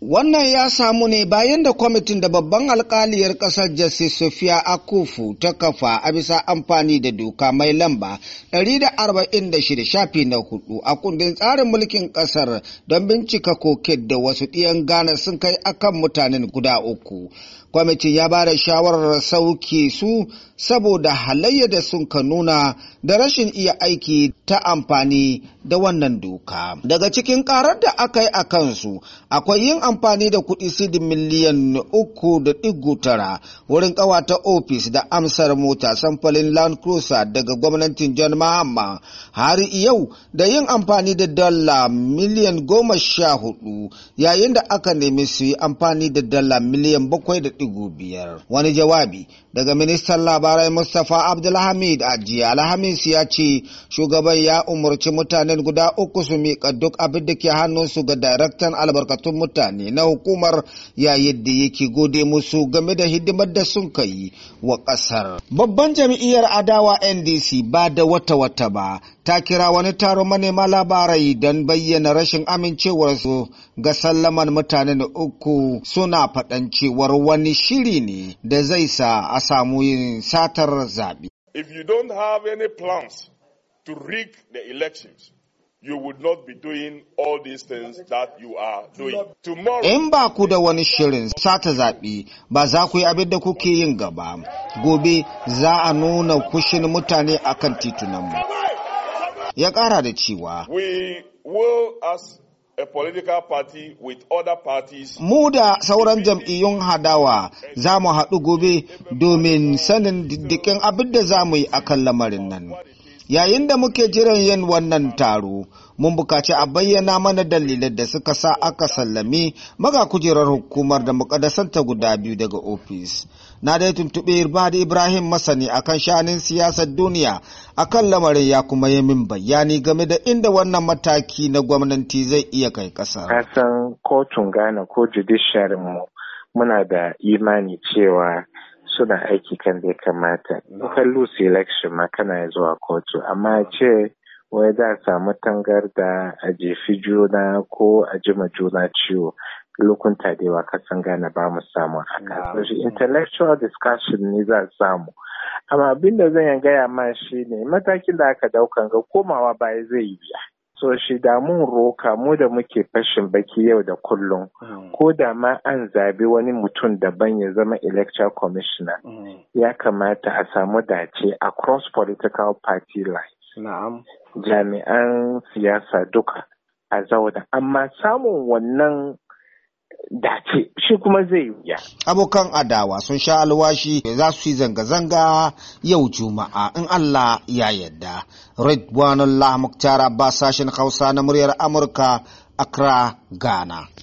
Wannan ya samu ne bayan da kwamitin da babban alkaliyar ƙasar Jesse Sophia Akufu ta kafa a bisa amfani da doka mai lamba 146 shafi na hudu a kundin tsarin mulkin ƙasar don bincika koket da wasu ɗiyan gane sun kai akan mutanen guda uku. Kwamitin ya ba da shawarar sauke su saboda halayya da sun ka nuna da rashin iya aiki ta amfani da wannan doka. Daga cikin karar da aka yi a kansu akwai yin amfani da kuɗi sidin miliyan uku da ɗigo tara wurin ƙawata ofis da amsar mota samfalin Land Cruiser daga gwamnatin John Mahama har yau da yin amfani da dala miliyan goma sha hudu yayin da aka nemi su yi amfani da dala miliyan bakwai da ɗigo biyar. Wani jawabi daga ministan labarai labarai Mustapha Abdulhamid a jiya Alhamis ya ce shugaban ya umarci mutanen guda uku su miƙa duk abin da ke su ga daraktan albarkatun mutane na hukumar yayin da yake gode musu game da hidimar da sun kai wa ƙasar. Babban jam'iyyar adawa NDC ba da wata wata ba ta kira wani taron manema labarai don bayyana rashin amincewarsu ga sallaman mutanen uku suna faɗan cewar wani shiri ne da zai sa a samu yin satar zaɓe. If you don't have any plans to rig the elections, you would not be doing all these things that you are doing. Tomorrow, in ba ku da wani shirin sata zaɓe ba za ku yi abin da kuke yin gaba. Gobe za a nuna kushin mutane akan mu. ya ƙara da cewa Mu da sauran jam'iyyun hadawa za mu haɗu gobe domin sanin diddikin abin da za mu yi a kan lamarin nan. Yayin da muke jiran yin wannan taro, mun bukaci a bayyana mana dalilan da suka sa aka sallami maga kujerar hukumar da mukaddasanta guda biyu daga ofis. Na dai tuntuɓe Irbad Ibrahim masani akan shanin siyasar duniya a kan lamarin ya kuma yi min bayani game da inda wannan mataki na gwamnati zai iya kai ƙasa. Kasan kotun Ghana ko judiciary mu muna da imani cewa suna aiki kan da ya kamata. Nukan lose election ma kana zuwa kotu amma ce wai za a samu tangarda a jefi juna ko a jima juna ciwo. Lokunta da yawa kasan Ghana ba mu samu haka. Intellectual discussion ne za a samu. amma abin da zan gaya ma shi ne matakin da aka daukan ga komawa baya zai yi biya so shi da mun roka mu da muke fashin baki yau da kullum hmm. ko da ma an zabi wani mutum daban ya zama electoral commissioner hmm. ya kamata a samu dace across political party lines jami'an siyasa duka a zauna amma samun wannan dace shi kuma zai yi wuya. Abokan adawa sun sha alwashi za su yi zanga-zanga yau Juma'a in Allah ya yadda! Ridwanullah Muktar Abbas sashen Hausa na muryar Amurka, Accra, Ghana.